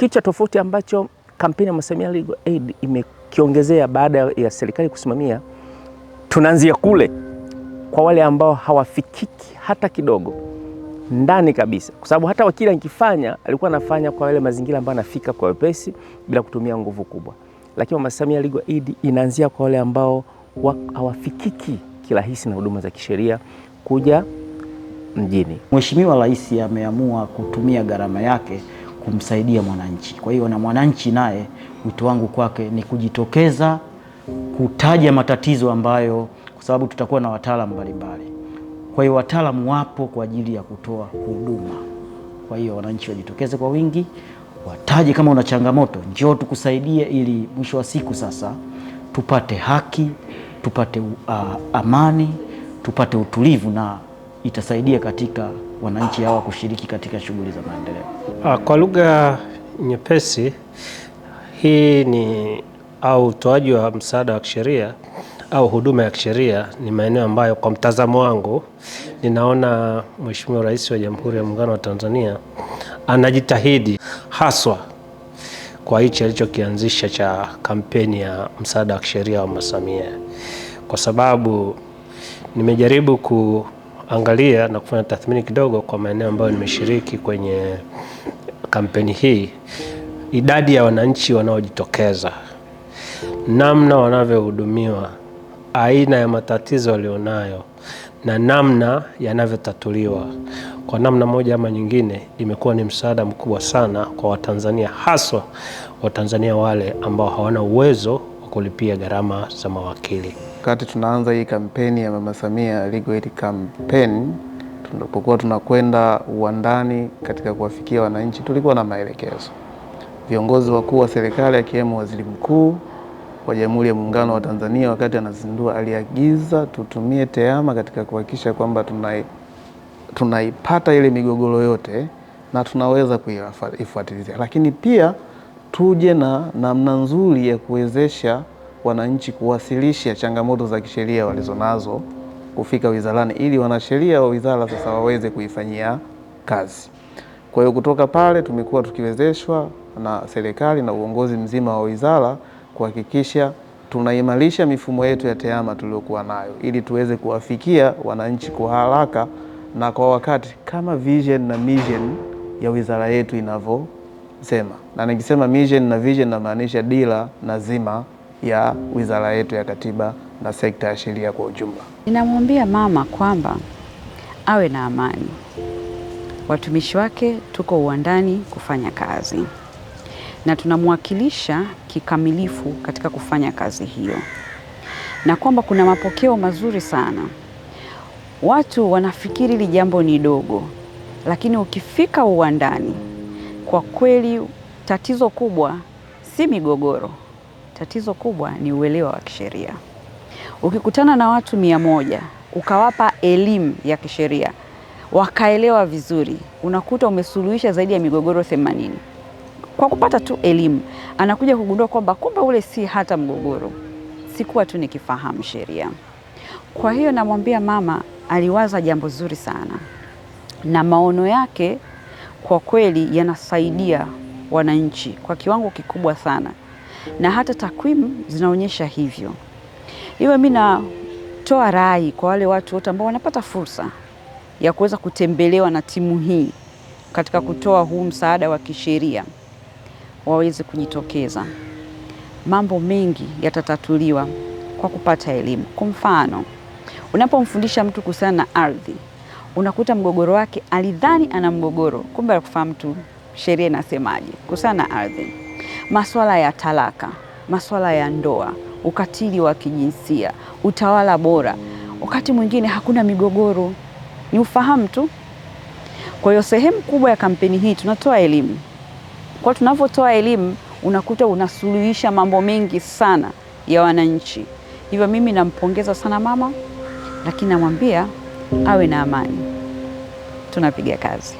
Kitu cha tofauti ambacho kampeni ya Mama Legal Aid imekiongezea baada ya serikali kusimamia, tunaanzia kule kwa wale ambao hawafikiki hata kidogo, ndani kabisa, kwa sababu hata wakili akifanya alikuwa anafanya kwa wale mazingira ambayo anafika kwa wepesi bila kutumia nguvu kubwa, lakini Mama Samia Legal Aid inaanzia kwa wale ambao hawafikiki kirahisi na huduma za kisheria kuja mjini. Mheshimiwa Rais ameamua kutumia gharama yake kumsaidia mwananchi. Kwa hiyo na mwananchi naye, wito wangu kwake ni kujitokeza kutaja matatizo ambayo, kwa sababu tutakuwa na wataalamu mbalimbali. Kwa hiyo wataalamu wapo kwa ajili ya kutoa huduma. Kwa hiyo wananchi wajitokeze kwa wingi, wataje kama una changamoto, njoo tukusaidie, ili mwisho wa siku sasa tupate haki, tupate uh, amani, tupate utulivu na itasaidia katika wananchi hawa kushiriki katika shughuli za maendeleo. Ah, kwa lugha nyepesi, hii ni au utoaji wa msaada wa kisheria au huduma ya kisheria ni maeneo ambayo kwa mtazamo wangu ninaona Mheshimiwa Rais wa Jamhuri ya Muungano wa Tanzania anajitahidi haswa kwa hichi alichokianzisha cha kampeni ya msaada wa kisheria wa Mama Samia, kwa sababu nimejaribu ku kuangalia na kufanya tathmini kidogo kwa maeneo ambayo nimeshiriki kwenye kampeni hii, idadi ya wananchi wanaojitokeza, namna wanavyohudumiwa, aina ya matatizo walionayo na namna yanavyotatuliwa. Kwa namna moja ama nyingine, imekuwa ni msaada mkubwa sana kwa Watanzania, haswa Watanzania wale ambao hawana uwezo wa kulipia gharama za mawakili wakati tunaanza hii kampeni ya Mama Samia Legal Aid Campaign, tunapokuwa tunakwenda uwandani katika kuwafikia wananchi, tulikuwa na maelekezo. Viongozi wakuu wa serikali akiwemo Waziri Mkuu wa Jamhuri ya Muungano wa Tanzania wakati anazindua, aliagiza tutumie TEHAMA katika kuhakikisha kwamba tunai, tunaipata ile migogoro yote na tunaweza kuifuatilia, lakini pia tuje na namna nzuri ya kuwezesha wananchi kuwasilisha changamoto za kisheria walizonazo kufika wizarani ili wanasheria wa wizara sasa waweze kuifanyia kazi. Kwa hiyo kutoka pale tumekuwa tukiwezeshwa na serikali na uongozi mzima wa wizara kuhakikisha tunaimarisha mifumo yetu ya tehama tuliyokuwa nayo ili tuweze kuwafikia wananchi kwa haraka na kwa wakati kama vision na mission ya wizara yetu inavyosema. Na nikisema mission na vision namaanisha dira na zima ya wizara yetu ya Katiba na sekta ya sheria kwa ujumla. Ninamwambia mama kwamba awe na amani, watumishi wake tuko uwandani kufanya kazi na tunamwakilisha kikamilifu katika kufanya kazi hiyo, na kwamba kuna mapokeo mazuri sana. Watu wanafikiri hili jambo ni dogo, lakini ukifika uwandani, kwa kweli tatizo kubwa si migogoro. Tatizo kubwa ni uelewa wa kisheria. Ukikutana na watu mia moja ukawapa elimu ya kisheria wakaelewa vizuri, unakuta umesuluhisha zaidi ya migogoro 80 kwa kupata tu elimu. Anakuja kugundua kwamba kumbe ule si hata mgogoro, sikuwa tu nikifahamu sheria. Kwa hiyo namwambia mama aliwaza jambo zuri sana, na maono yake kwa kweli yanasaidia wananchi kwa kiwango kikubwa sana na hata takwimu zinaonyesha hivyo. Hivyo mimi natoa rai kwa wale watu wote ambao wanapata fursa ya kuweza kutembelewa na timu hii katika kutoa huu msaada wa kisheria waweze kujitokeza. Mambo mengi yatatatuliwa kwa kupata elimu. Kwa mfano, unapomfundisha mtu kuhusiana na ardhi, unakuta mgogoro wake, alidhani ana mgogoro, kumbe alikufahamu tu sheria inasemaje kuhusiana na ardhi masuala ya talaka, masuala ya ndoa, ukatili wa kijinsia, utawala bora. Wakati mwingine hakuna migogoro, ni ufahamu tu. Kwa hiyo sehemu kubwa ya kampeni hii tunatoa elimu. Kwa tunavyotoa elimu, unakuta unasuluhisha mambo mengi sana ya wananchi. Hivyo mimi nampongeza sana mama, lakini namwambia awe na amani, tunapiga kazi.